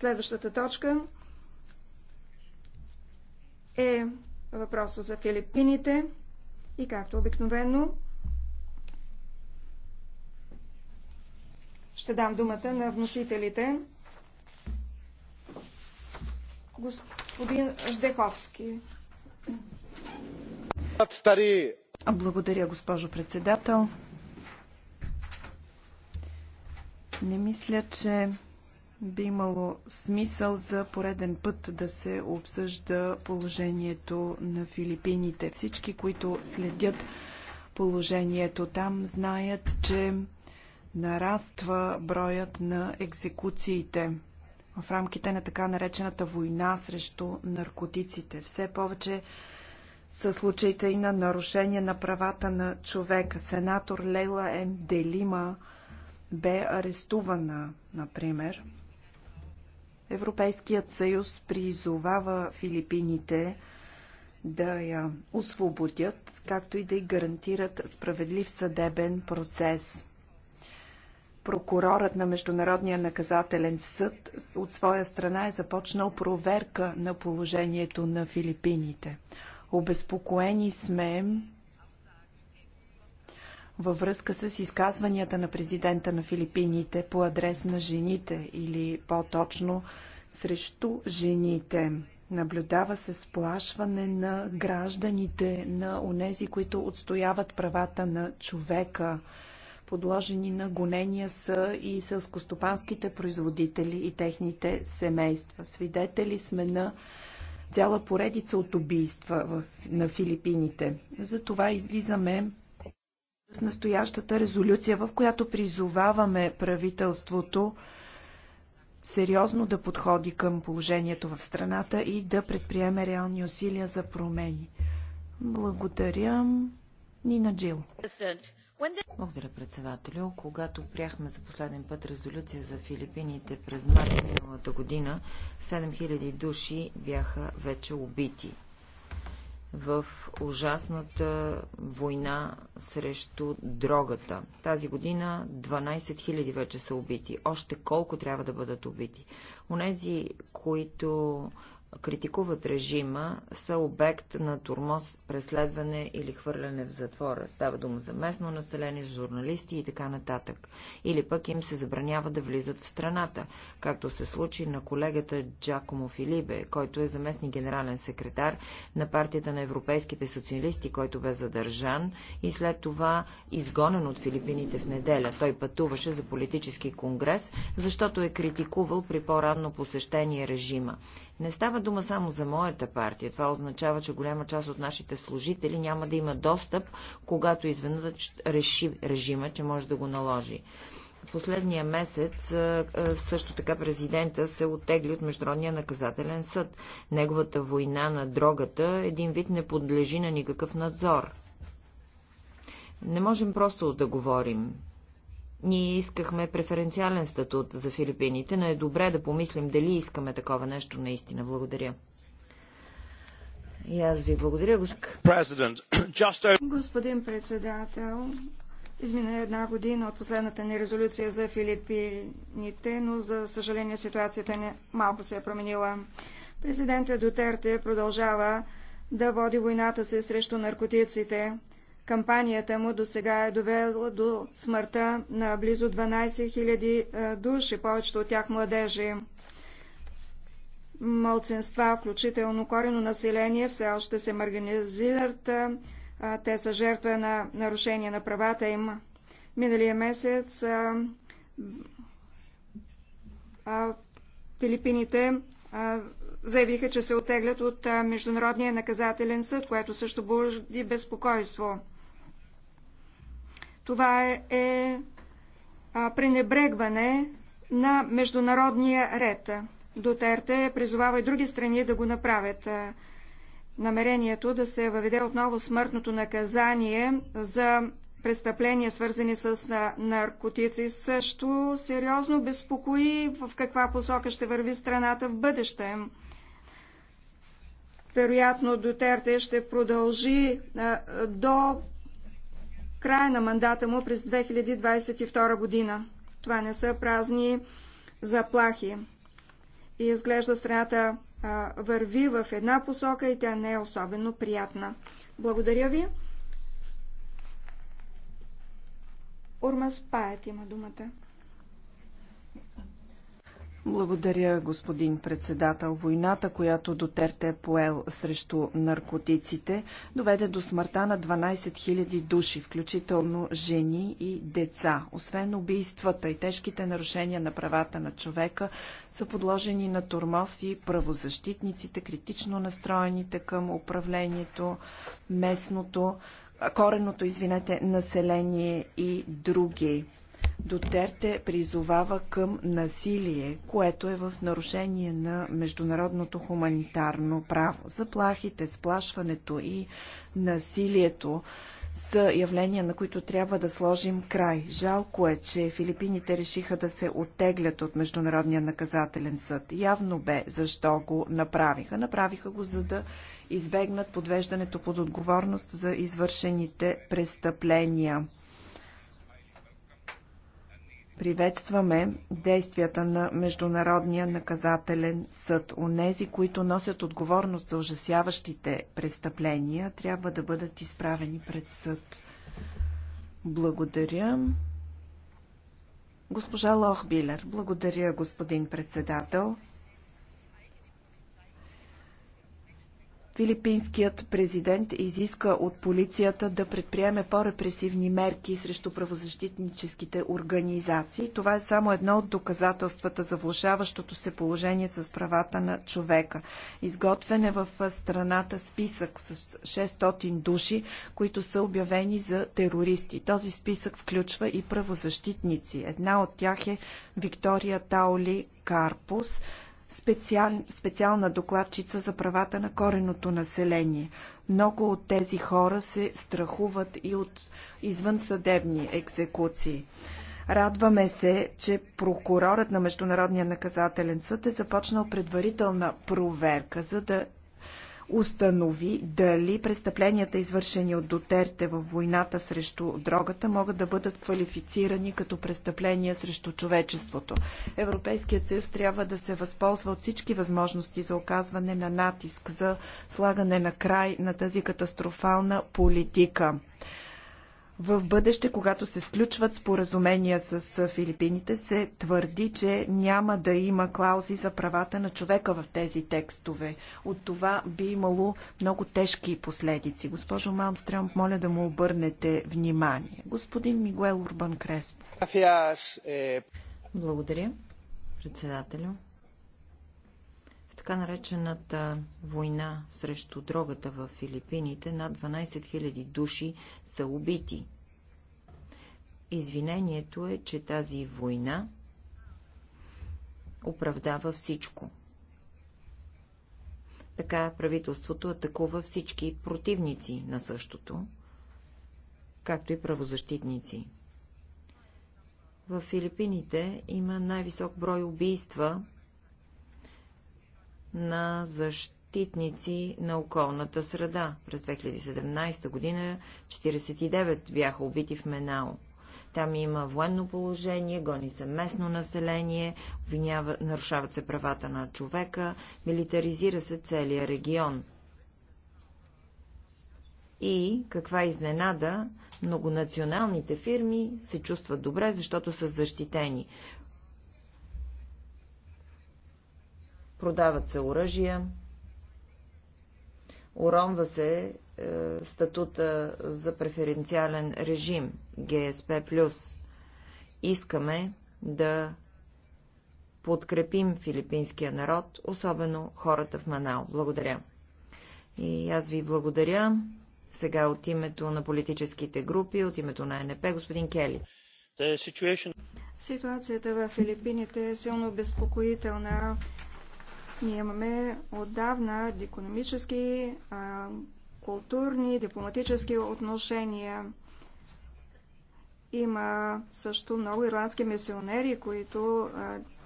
Следващата точка е въпроса за Филипините и както обикновено ще дам думата на вносителите. Господин Ждеховски. Благодаря, госпожо председател. Не мисля, че би имало смисъл за пореден път да се обсъжда положението на Филипините. Всички, които следят положението там, знаят, че нараства броят на екзекуциите в рамките на така наречената война срещу наркотиците. Все повече са случаите и на нарушение на правата на човека. Сенатор Лейла М. Делима бе арестувана, например, Европейският съюз призовава Филипините да я освободят, както и да й гарантират справедлив съдебен процес. Прокурорът на Международния наказателен съд от своя страна е започнал проверка на положението на Филипините. Обезпокоени сме във връзка с изказванията на президента на Филипините по адрес на жените или по-точно срещу жените. Наблюдава се сплашване на гражданите, на онези, които отстояват правата на човека. Подложени на гонения са и сълскостопанските производители и техните семейства. Свидетели сме на цяла поредица от убийства в, на Филипините. Затова излизаме с настоящата резолюция, в която призоваваме правителството сериозно да подходи към положението в страната и да предприеме реални усилия за промени. Благодаря. Нина Джил. Благодаря, председателю. Когато прияхме за последен път резолюция за Филипините през март миналата година, 7000 души бяха вече убити в ужасната война срещу дрогата. Тази година 12 000 вече са убити. Още колко трябва да бъдат убити? Онези, които критикуват режима, са обект на турмоз, преследване или хвърляне в затвора. Става дума за местно население, журналисти и така нататък. Или пък им се забранява да влизат в страната, както се случи на колегата Джакомо Филибе, който е заместни генерален секретар на партията на европейските социалисти, който бе задържан и след това изгонен от Филипините в неделя. Той пътуваше за политически конгрес, защото е критикувал при по-ранно посещение режима. Не става дума само за моята партия. Това означава, че голяма част от нашите служители няма да има достъп, когато изведнъж реши режима, че може да го наложи последния месец също така президента се отегли от Международния наказателен съд. Неговата война на дрогата един вид не подлежи на никакъв надзор. Не можем просто да говорим. Ние искахме преференциален статут за Филипините, но е добре да помислим дали искаме такова нещо наистина. Благодаря. И аз ви благодаря, господин... господин председател. Измина една година от последната ни резолюция за Филипините, но за съжаление ситуацията не малко се е променила. Президентът Дотерте продължава да води войната си срещу наркотиците. Кампанията му до сега е довела до смъртта на близо 12 000 е, души, повечето от тях младежи. Малцинства, включително корено население, все още се марганизират. Е, те са жертва на нарушение на правата им. Миналия месец е, Филипините заявиха, че се отеглят от Международния наказателен съд, което също буди безпокойство. Това е, е пренебрегване на международния ред. Дотерте призовава и други страни да го направят. Намерението да се въведе отново смъртното наказание за престъпления, свързани с наркотици, също сериозно безпокои в каква посока ще върви страната в бъдеще. Вероятно Дотерте ще продължи до края на мандата му през 2022 година. Това не са празни заплахи. И изглежда страната а, върви в една посока и тя не е особено приятна. Благодаря ви. Урмас Паят има думата. Благодаря, господин председател. Войната, която Дотерте е поел срещу наркотиците, доведе до смъртта на 12 000 души, включително жени и деца. Освен убийствата и тежките нарушения на правата на човека, са подложени на тормоз и правозащитниците, критично настроените към управлението, местното, кореното, извинете, население и други. Дотерте призовава към насилие, което е в нарушение на международното хуманитарно право. Заплахите, сплашването и насилието са явления, на които трябва да сложим край. Жалко е, че Филипините решиха да се оттеглят от Международния наказателен съд. Явно бе защо го направиха. Направиха го за да избегнат подвеждането под отговорност за извършените престъпления. Приветстваме действията на Международния наказателен съд. Онези, които носят отговорност за ужасяващите престъпления, трябва да бъдат изправени пред съд. Благодаря. Госпожа Лохбилер, благодаря, господин председател. Филипинският президент изиска от полицията да предприеме по-репресивни мерки срещу правозащитническите организации. Това е само едно от доказателствата за влушаващото се положение с правата на човека. Изготвен е в страната списък с 600 души, които са обявени за терористи. Този списък включва и правозащитници. Една от тях е Виктория Таули Карпус, специал, специална докладчица за правата на кореното население. Много от тези хора се страхуват и от извънсъдебни екзекуции. Радваме се, че прокурорът на Международния наказателен съд е започнал предварителна проверка, за да установи дали престъпленията, извършени от Дотерте в войната срещу дрогата, могат да бъдат квалифицирани като престъпления срещу човечеството. Европейският съюз трябва да се възползва от всички възможности за оказване на натиск, за слагане на край на тази катастрофална политика. В бъдеще, когато се сключват споразумения с Филипините, се твърди, че няма да има клаузи за правата на човека в тези текстове. От това би имало много тежки последици. Госпожо Малмстрам, моля да му обърнете внимание. Господин Мигуел Урбан Креспо. Е, Благодаря, председателю така наречената война срещу дрогата в Филипините над 12 000 души са убити. Извинението е, че тази война оправдава всичко. Така правителството атакува всички противници на същото, както и правозащитници. В Филипините има най-висок брой убийства на защитници на околната среда. През 2017 година 49 бяха убити в Менао. Там има военно положение, гони се местно население, обвинява, нарушават се правата на човека, милитаризира се целият регион. И, каква изненада, многонационалните фирми се чувстват добре, защото са защитени. продават се оръжия, уронва се е, статута за преференциален режим ГСП+. Искаме да подкрепим филипинския народ, особено хората в Манал. Благодаря. И аз ви благодаря. Сега от името на политическите групи, от името на НП, господин Кели. Ситуацията в Филипините е силно безпокоителна. Ние имаме отдавна економически, културни, дипломатически отношения. Има също много ирландски мисионери, които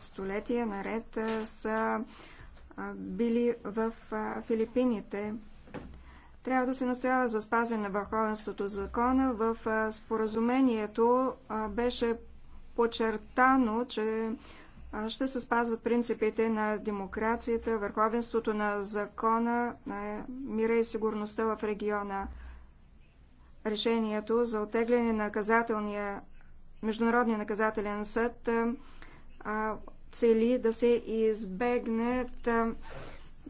столетия наред са били в Филипините. Трябва да се настоява за спазване на върховенството закона. В споразумението беше подчертано, че ще се спазват принципите на демокрацията, върховенството на закона, на мира и сигурността в региона. Решението за отегляне на наказателния, Международния наказателен съд цели да се избегнат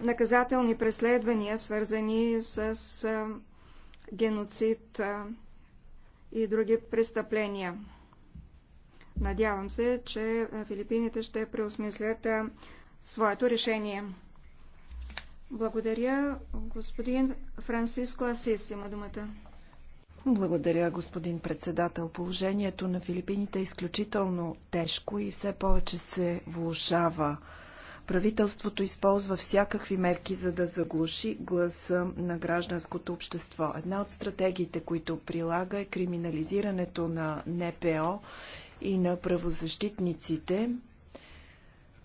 наказателни преследвания, свързани с геноцид и други престъпления. Надявам се, че Филипините ще преосмислят своето решение. Благодаря, господин Франциско Асис има думата. Благодаря, господин председател. Положението на Филипините е изключително тежко и все повече се влушава. Правителството използва всякакви мерки, за да заглуши гласа на гражданското общество. Една от стратегиите, които прилага е криминализирането на НПО и на правозащитниците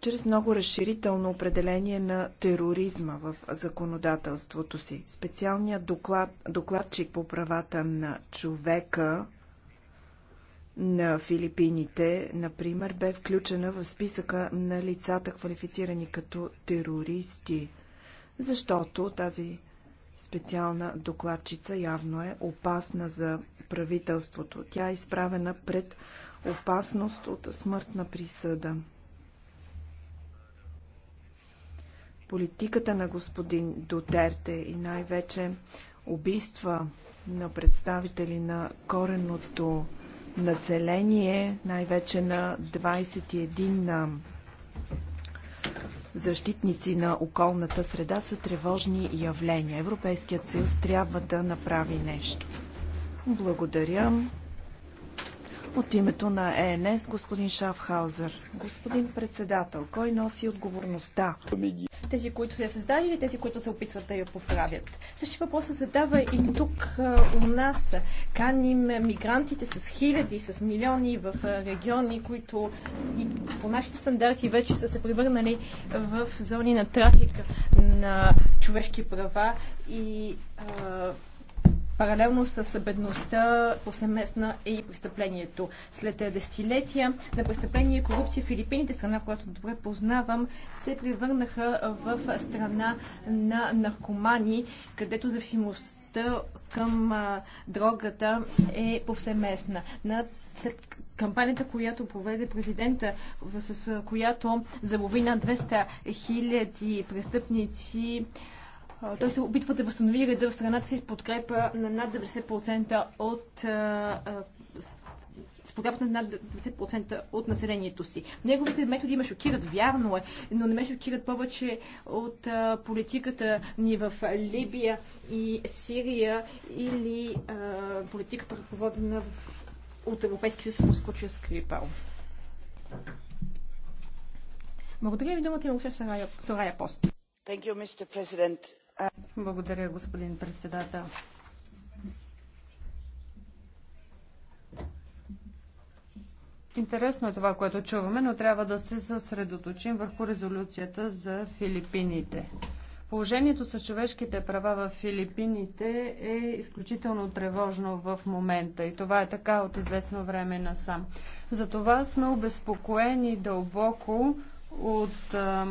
чрез много разширително определение на тероризма в законодателството си. Специалният доклад, докладчик по правата на човека на Филипините, например, бе включена в списъка на лицата, квалифицирани като терористи, защото тази специална докладчица явно е опасна за правителството. Тя е изправена пред опасност от смъртна присъда. Политиката на господин Дотерте и най-вече убийства на представители на коренното население, най-вече на 21 на защитници на околната среда са тревожни явления. Европейският съюз трябва да направи нещо. Благодаря. От името на ЕНС, господин Шафхаузер. Господин председател, кой носи отговорността? Тези, които са я създали или тези, които се опитват да я поправят? Същи въпрос се задава и тук у нас. Каним мигрантите с хиляди, с милиони в региони, които по нашите стандарти вече са се превърнали в зони на трафик на човешки права и Паралелно с бедността повсеместна е и престъплението. След десетилетия на престъпление и корупция Филипините, страна, която добре познавам, се превърнаха в страна на наркомани, където зависимостта към дрогата е повсеместна. На кампанията, която проведе президента, с която залови на 200 хиляди престъпници, той се опитва да възстанови реда в страната си с подкрепа на над 90% от с подкрепата на над 90% от населението си. Неговите методи ме шокират, вярно е, но не ме шокират повече от а, политиката ни в Либия и Сирия или а, политиката ръководена в, от Европейския съюз по случая Скрипал. Благодаря ви думата и Сарая, Сарая Пост. Thank you, Mr. President. Благодаря, господин председател. Интересно е това, което чуваме, но трябва да се съсредоточим върху резолюцията за Филипините. Положението с човешките права в Филипините е изключително тревожно в момента и това е така от известно време насам. Затова сме обезпокоени дълбоко от а,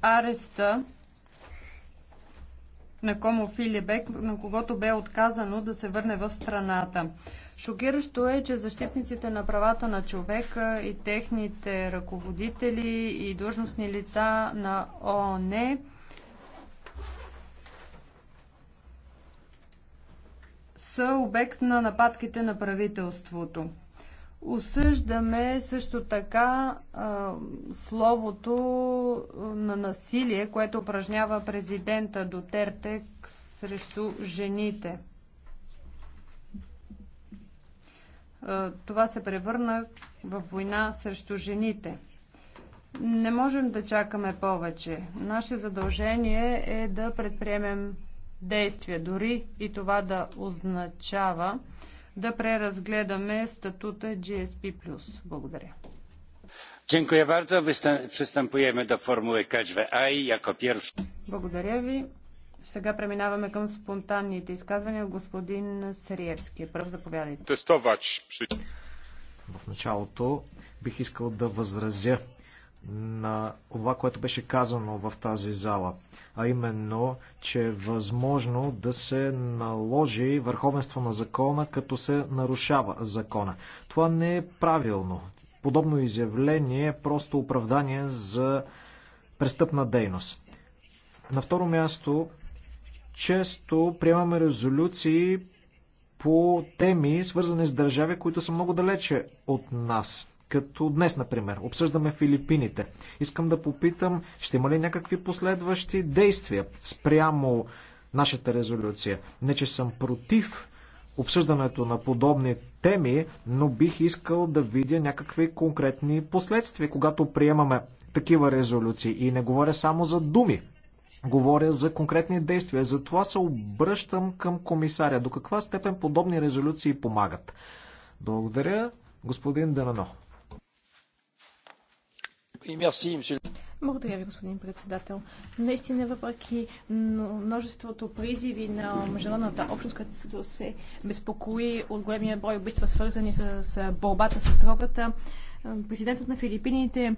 ареста на Комо Филибек, на когото бе отказано да се върне в страната. Шокиращо е, че защитниците на правата на човека и техните ръководители и длъжностни лица на ООН са обект на нападките на правителството. Осъждаме също така а, словото на насилие, което упражнява президента Дотерте срещу жените. А, това се превърна в война срещу жените. Не можем да чакаме повече. Наше задължение е да предприемем действия, дори и това да означава, да преразгледаме статута GSP+. Благодаря. Dziękuję bardzo. Przystępujemy do formuły KHVI jako pierwszy. Благодаря ви. Сега преминаваме към спонтанните изказвания. Господин Сериевски, е пръв заповядайте. Тестовач. В началото бих искал да възразя на това, което беше казано в тази зала, а именно, че е възможно да се наложи върховенство на закона, като се нарушава закона. Това не е правилно. Подобно изявление е просто оправдание за престъпна дейност. На второ място, често приемаме резолюции по теми, свързани с държави, които са много далече от нас – като днес, например. Обсъждаме Филипините. Искам да попитам, ще има ли някакви последващи действия спрямо нашата резолюция? Не, че съм против обсъждането на подобни теми, но бих искал да видя някакви конкретни последствия, когато приемаме такива резолюции. И не говоря само за думи, говоря за конкретни действия. Затова се обръщам към комисаря. До каква степен подобни резолюции помагат? Благодаря, господин Данано. Благодаря ви, господин председател. Наистина, въпреки множеството призиви на международната общност, която се безпокои от големия брой убийства, свързани с борбата с дрогата, Президентът на Филипините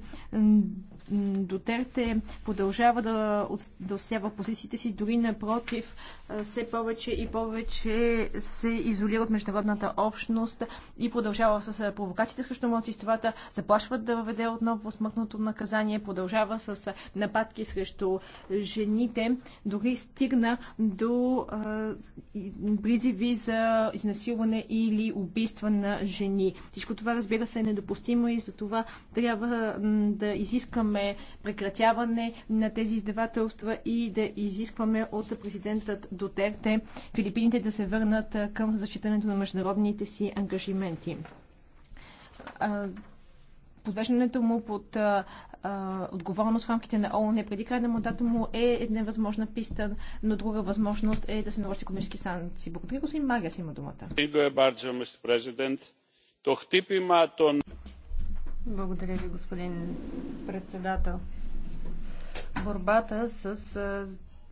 Дотерте продължава да, да отстоява позициите си, дори напротив, все повече и повече се изолира от международната общност и продължава с провокациите срещу младсиствата, заплашват да въведе отново смъртното наказание, продължава с нападки срещу жените, дори стигна до призиви за изнасилване или убийства на жени. Всичко това, разбира се, е недопустимо и за това трябва да изискаме прекратяване на тези издевателства и да изискваме от президентът Дотерте Филипините да се върнат към защитането на международните си ангажименти подвеждането му под а, а, отговорност в рамките на ООН е преди края на мандата му е една възможна писта, но друга възможност е да се наложат економически санкции. Благодаря, господин Магас има думата. Благодаря ви, господин председател. Борбата с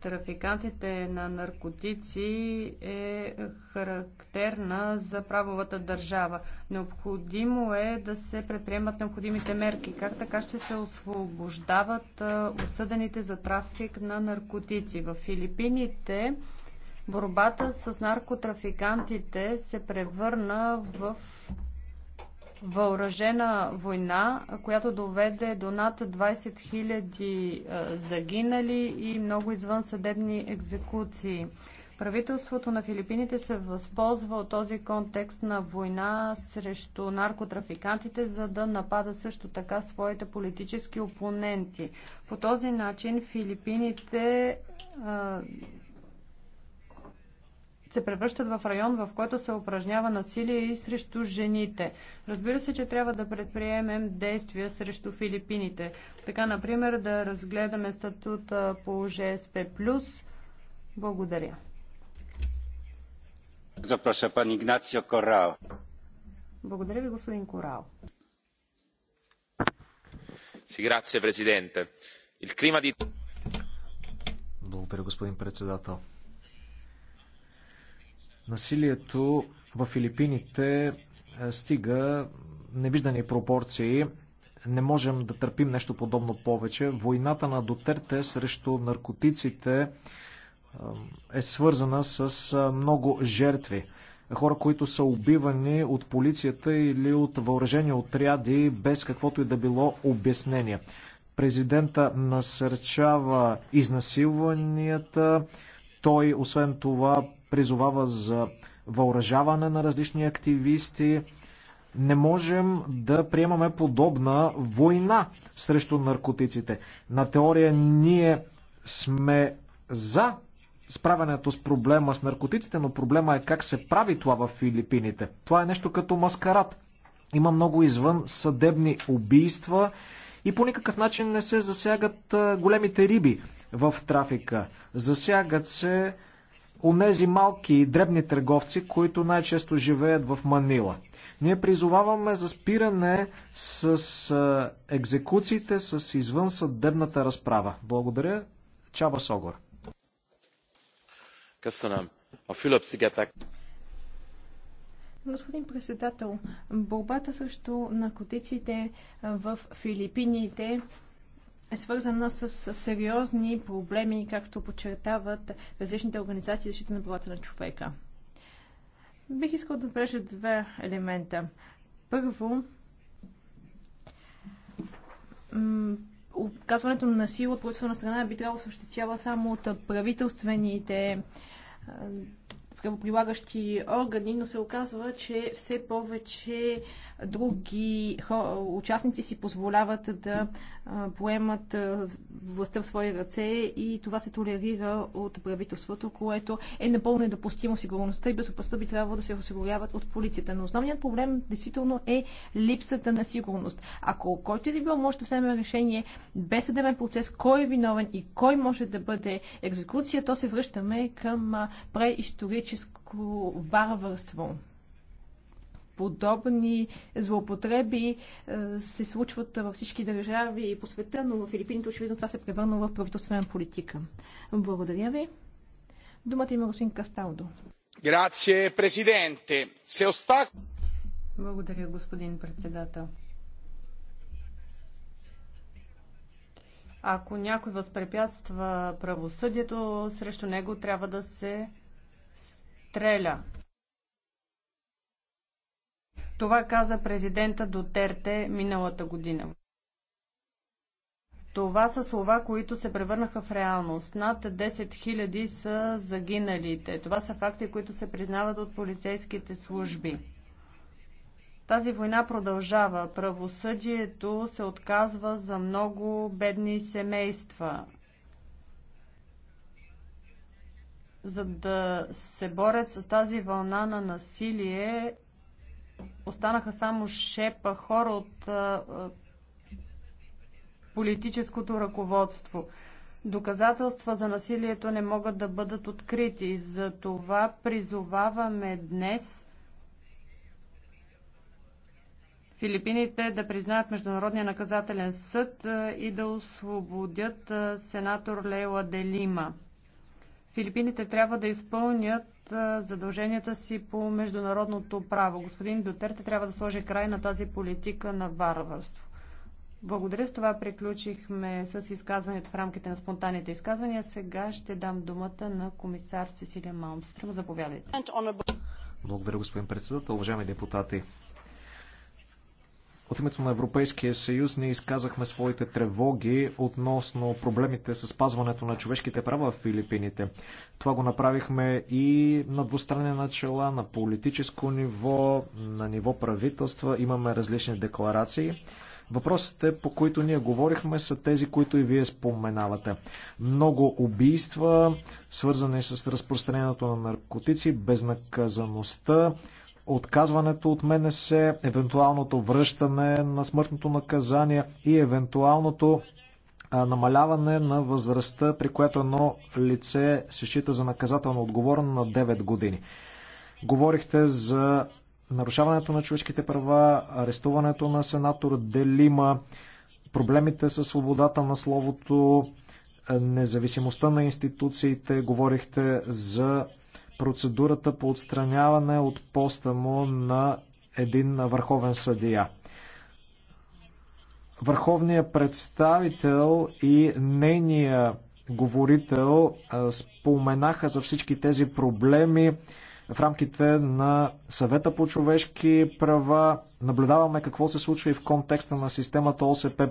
трафикантите на наркотици е характерна за правовата държава. Необходимо е да се предприемат необходимите мерки. Как така ще се освобождават осъдените за трафик на наркотици? В Филипините борбата с наркотрафикантите се превърна в въоръжена война, която доведе до над 20 000 загинали и много извънсъдебни екзекуции. Правителството на Филипините се възползва от този контекст на война срещу наркотрафикантите, за да напада също така своите политически опоненти. По този начин Филипините се превръщат в район, в който се упражнява насилие и срещу жените. Разбира се, че трябва да предприемем действия срещу Филипините. Така, например, да разгледаме статута по ЖСП+. Благодаря. Запроша пан Игнацио Корал. Благодаря ви, господин Корал. Благодаря, господин председател. Насилието в Филипините е, стига невиждани пропорции. Не можем да търпим нещо подобно повече. Войната на Дотерте срещу наркотиците е, е свързана с е, много жертви. Хора, които са убивани от полицията или от въоръжени отряди без каквото и да било обяснение. Президента насърчава изнасилванията, той, освен това, призовава за въоръжаване на различни активисти. Не можем да приемаме подобна война срещу наркотиците. На теория ние сме за справянето с проблема с наркотиците, но проблема е как се прави това в Филипините. Това е нещо като маскарад. Има много извън съдебни убийства и по никакъв начин не се засягат големите риби в трафика. Засягат се онези малки и дребни търговци, които най-често живеят в Манила. Ние призоваваме за спиране с екзекуциите, с извънсъдебната разправа. Благодаря. Чава Согор. Господин председател, борбата срещу наркотиците в Филипините е свързана с сериозни проблеми, както подчертават различните организации за защита на правата на човека. Бих искал да отбележа две елемента. Първо, оказването на сила от правителствена страна би трябвало да осъществява само от правителствените правоприлагащи органи, но се оказва, че все повече други участници си позволяват да поемат властта в свои ръце и това се толерира от правителството, което е напълно недопустимо. Сигурността и безопасността би трябвало да се осигуряват от полицията. Но основният проблем действително е липсата на сигурност. Ако който и да бил, може да вземе решение без съдебен процес, кой е виновен и кой може да бъде екзекуция, то се връщаме към преисторическо варварство подобни злоупотреби е, се случват във всички държави и по света, но в Филипините очевидно това се превърна в правителствена политика. Благодаря ви. Думата има господин Касталдо. Грация, президенте. Се остак... Благодаря, господин председател. Ако някой възпрепятства правосъдието, срещу него трябва да се стреля. Това каза президента Дотерте миналата година. Това са слова, които се превърнаха в реалност. Над 10 000 са загиналите. Това са факти, които се признават от полицейските служби. Тази война продължава. Правосъдието се отказва за много бедни семейства. За да се борят с тази вълна на насилие, останаха само шепа хора от политическото ръководство. Доказателства за насилието не могат да бъдат открити. За това призоваваме днес Филипините да признаят Международния наказателен съд и да освободят сенатор Лейла Делима. Филипините трябва да изпълнят задълженията си по международното право. Господин Дотерте трябва да сложи край на тази политика на варварство. Благодаря. С това приключихме с изказването в рамките на спонтанните изказвания. Сега ще дам думата на комисар Сесилия Маунстрим. Заповядайте. Благодаря, господин председател. Уважаеми депутати, от името на Европейския съюз ние изказахме своите тревоги относно проблемите с пазването на човешките права в Филипините. Това го направихме и на двустранни начала, на политическо ниво, на ниво правителства. Имаме различни декларации. Въпросите, по които ние говорихме, са тези, които и вие споменавате. Много убийства, свързани с разпространението на наркотици, безнаказаността, отказването от МНС, евентуалното връщане на смъртното наказание и евентуалното намаляване на възрастта, при което едно лице се счита за наказателно отговорно на 9 години. Говорихте за нарушаването на човешките права, арестуването на сенатор Делима, проблемите с свободата на словото, независимостта на институциите, говорихте за процедурата по отстраняване от поста му на един върховен съдия. Върховният представител и нейния говорител споменаха за всички тези проблеми в рамките на съвета по човешки права. Наблюдаваме какво се случва и в контекста на системата ОСП+.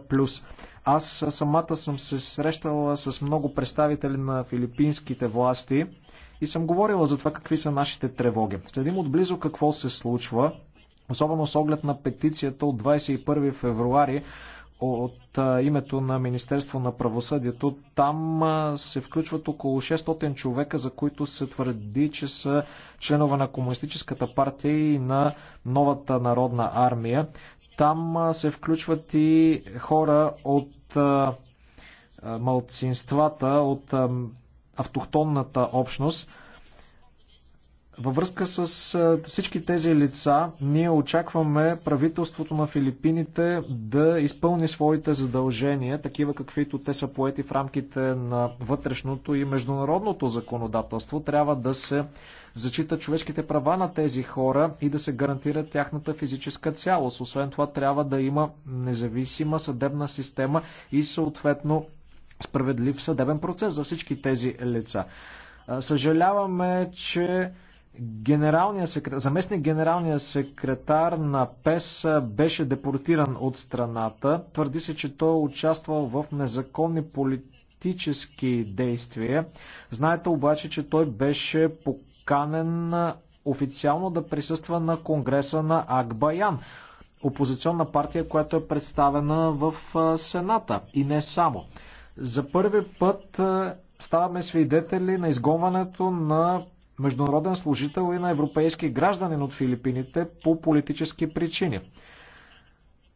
Аз самата съм се срещала с много представители на филипинските власти – и съм говорила за това какви са нашите тревоги. Следим отблизо какво се случва, особено с оглед на петицията от 21 февруари от а, името на Министерство на правосъдието. Там а, се включват около 600 човека, за които се твърди, че са членове на Комунистическата партия и на новата народна армия. Там а, се включват и хора от а, малцинствата, от а, автохтонната общност. Във връзка с всички тези лица, ние очакваме правителството на Филипините да изпълни своите задължения, такива каквито те са поети в рамките на вътрешното и международното законодателство. Трябва да се зачита човешките права на тези хора и да се гарантира тяхната физическа цялост. Освен това, трябва да има независима съдебна система и съответно справедлив съдебен процес за всички тези лица. Съжаляваме, че генералния секретар, заместник генералния секретар на ПЕС беше депортиран от страната. Твърди се, че той е участвал в незаконни политически действия. Знаете обаче, че той беше поканен официално да присъства на конгреса на Акбаян, опозиционна партия, която е представена в Сената и не само. За първи път е, ставаме свидетели на изгонването на международен служител и на европейски гражданин от Филипините по политически причини.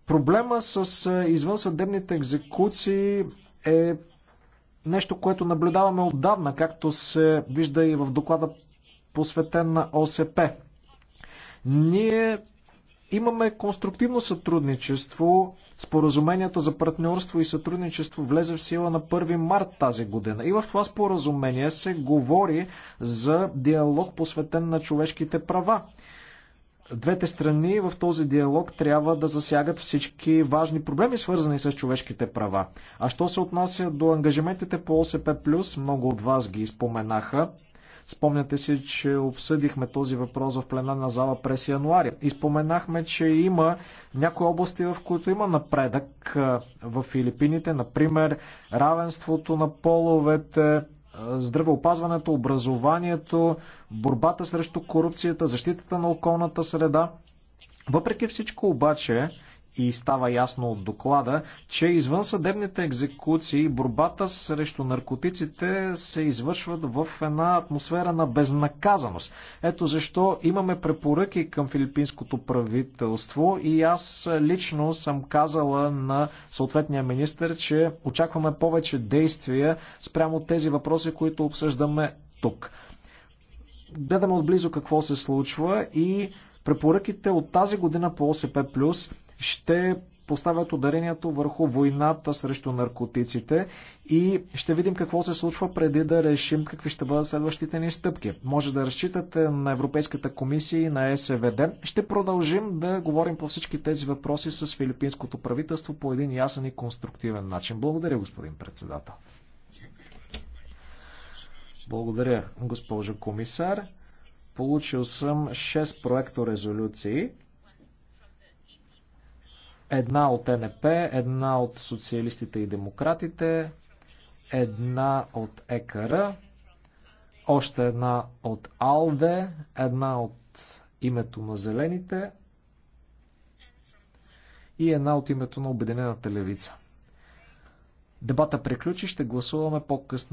Проблема с е, извънсъдебните екзекуции е нещо, което наблюдаваме отдавна, както се вижда и в доклада посветен на ОСП. Ние Имаме конструктивно сътрудничество. Споразумението за партньорство и сътрудничество влезе в сила на 1 март тази година. И в това споразумение се говори за диалог посветен на човешките права. Двете страни в този диалог трябва да засягат всички важни проблеми, свързани с човешките права. А що се отнася до ангажиментите по ОСП+, много от вас ги споменаха, Спомняте си, че обсъдихме този въпрос в пленарна зала през януари. И споменахме, че има някои области, в които има напредък в Филипините, например равенството на половете, здравеопазването, образованието, борбата срещу корупцията, защитата на околната среда. Въпреки всичко обаче, и става ясно от доклада, че извън съдебните екзекуции борбата срещу наркотиците се извършват в една атмосфера на безнаказаност. Ето защо имаме препоръки към филипинското правителство и аз лично съм казала на съответния министр, че очакваме повече действия спрямо тези въпроси, които обсъждаме тук. Гледаме отблизо какво се случва и Препоръките от тази година по ОСП Плюс ще поставят ударението върху войната срещу наркотиците и ще видим какво се случва преди да решим какви ще бъдат следващите ни стъпки. Може да разчитате на Европейската комисия и на е СВД. Ще продължим да говорим по всички тези въпроси с филипинското правителство по един ясен и конструктивен начин. Благодаря, господин председател. Благодаря, госпожо комисар. Получил съм 6 проекто резолюции. Една от НП, една от социалистите и демократите, една от ЕКР, още една от АЛДЕ, една от името на Зелените и една от името на Обединената левица. Дебата приключи, ще гласуваме по-късно.